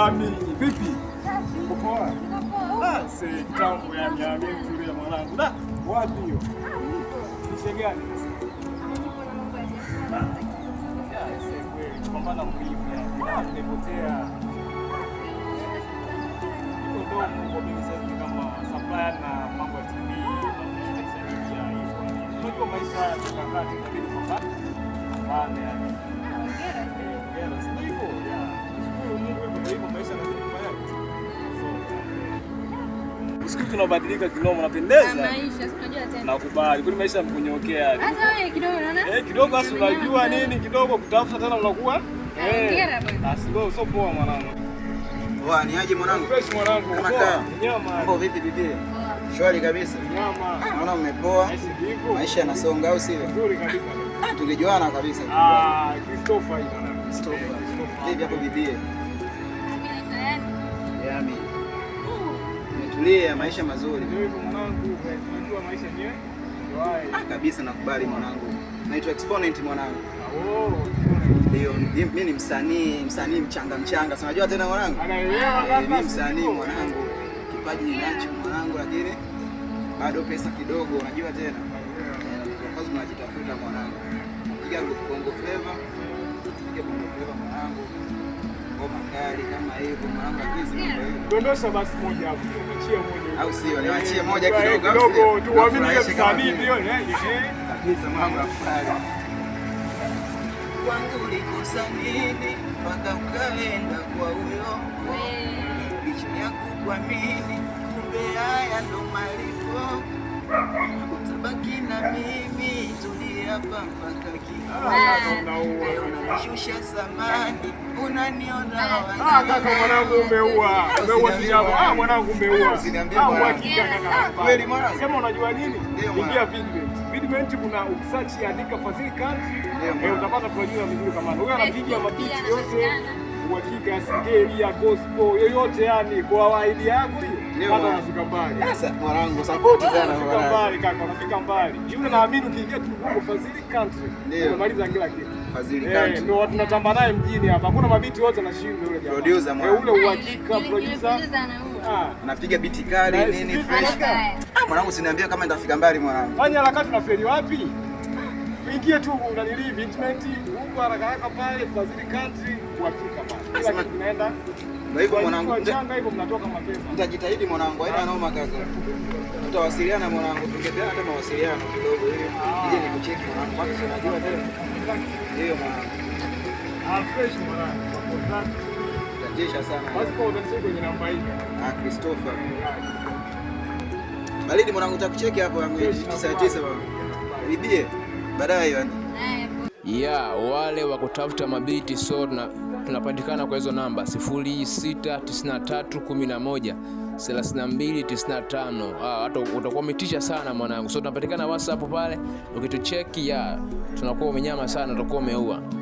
Yami, vipi? Poa. Ah, si kitambo ya Yami mzuri ya mwanangu. Da, wapi hiyo? Kishe gani? Ah, Pambana mwili pia. Nimepotea. Niko dogo kwa mimi sasa kama supplier na mambo ya TV. Kwa maisha ya kakati, kwa maana ah, ya. Hongera. Ah, eh, siku tunabadilika kidogo, unapendeza. Maisha unajua tena. Nakubali. Kwani maisha yakunyokea. Hata wewe kidogo unaona? Eh, kidogo basi unajua nini kidogo kutafuta tena unakuwa. Eh. Basi ndio usio poa mwanangu. Poa ni aje mwanangu? Fresh mwanangu. Kama kaa. Nyama. Mambo vipi bibi? Shwari kabisa. Nyama. Naona umepoa. Maisha yanasonga au sio? Nzuri kabisa. Ah, tungejuana kabisa. Ah, Christopher mwanangu. Christopher. Vipi hapo bibi? Yeah, Yaani tulie ya maisha mazuri ah, kabisa. Nakubali mwanangu, naitwa Exponent mwanangu. Ah, oh, Ndio, mimi ni msanii, msanii mchanga mchanga. Si unajua tena mwanangu? Eh, mimi msanii mwanangu, kipaji ninacho mwanangu, lakini bado pesa kidogo, unajua tena. kazi eh, unajitafuta mwanangu. Piga Bongo Flava. Piga Bongo Flava mwanangu ngoma kali kama hivyo, mwanangu Azizi. Dondosha basi moja hapo, niachie moja au sio? Niachie moja kidogo, kidogo tu waamini ile msabibi hiyo. Eh, kabisa mwanangu afadhali kwangu likusamini mpaka ukaenda kwa huyo licha ya kukuamini, kumbe haya ndo malipo. Utabaki na mimi, tulia hapa mpaka kifo. Ah, shusha samani, unaniona ah, kaka mwanangu, umeua umeua sijabu. Ah, mwanangu umeua, ah, kweli mwana. Sema unajua nini, ingia vidment, kuna ukisearch andika Fazil Country eh, utapata tunajua vizuri kama huyo anapiga mabiti yote, uhakika singeli gospel yoyote, yani kwa ahadi yako hiyo mwanangu, support sana mbali. Yule naamini ukiingia Fadhili Country unamaliza kila kitu. Eh, naye mjini hapa, hakuna mabiti wote anashinda yule jamaa. Producer eh, uhakika producer ah. anapiga biti kali eh, nini fresh. Ah mwanangu, kama nitafika mbali mwanangu. Fanya harakati, na feri wapi? tusikie tu unanili impeachment huko haraka haraka pale Brazil country kuhakika pale. Kila kitu kinaenda. Na hivyo mwanangu mchanga hivyo mnatoka mapema. Mtajitahidi mwanangu, haina ah. noma kaza. Tutawasiliana mwanangu, tungepeana hata mawasiliano kidogo hivi. Ah. Ije nikucheki mwanangu, kwa sababu unajua tena. Ndio mwanangu. Ah, fresh mwanangu. Tajesha sana. Basi kwa utanisema kwenye namba hii. Ah, Christopher. Baridi mwanangu, takucheki hapo yangu 99 baba. Ibie baadaye ya wale wa kutafuta mabiti so tunapatikana kwa hizo namba 069311 3295. Ah, hata utakuwa umetisha sana mwanangu, so tunapatikana WhatsApp pale, ukitucheki ya tunakuwa umenyama sana, utakuwa umeua.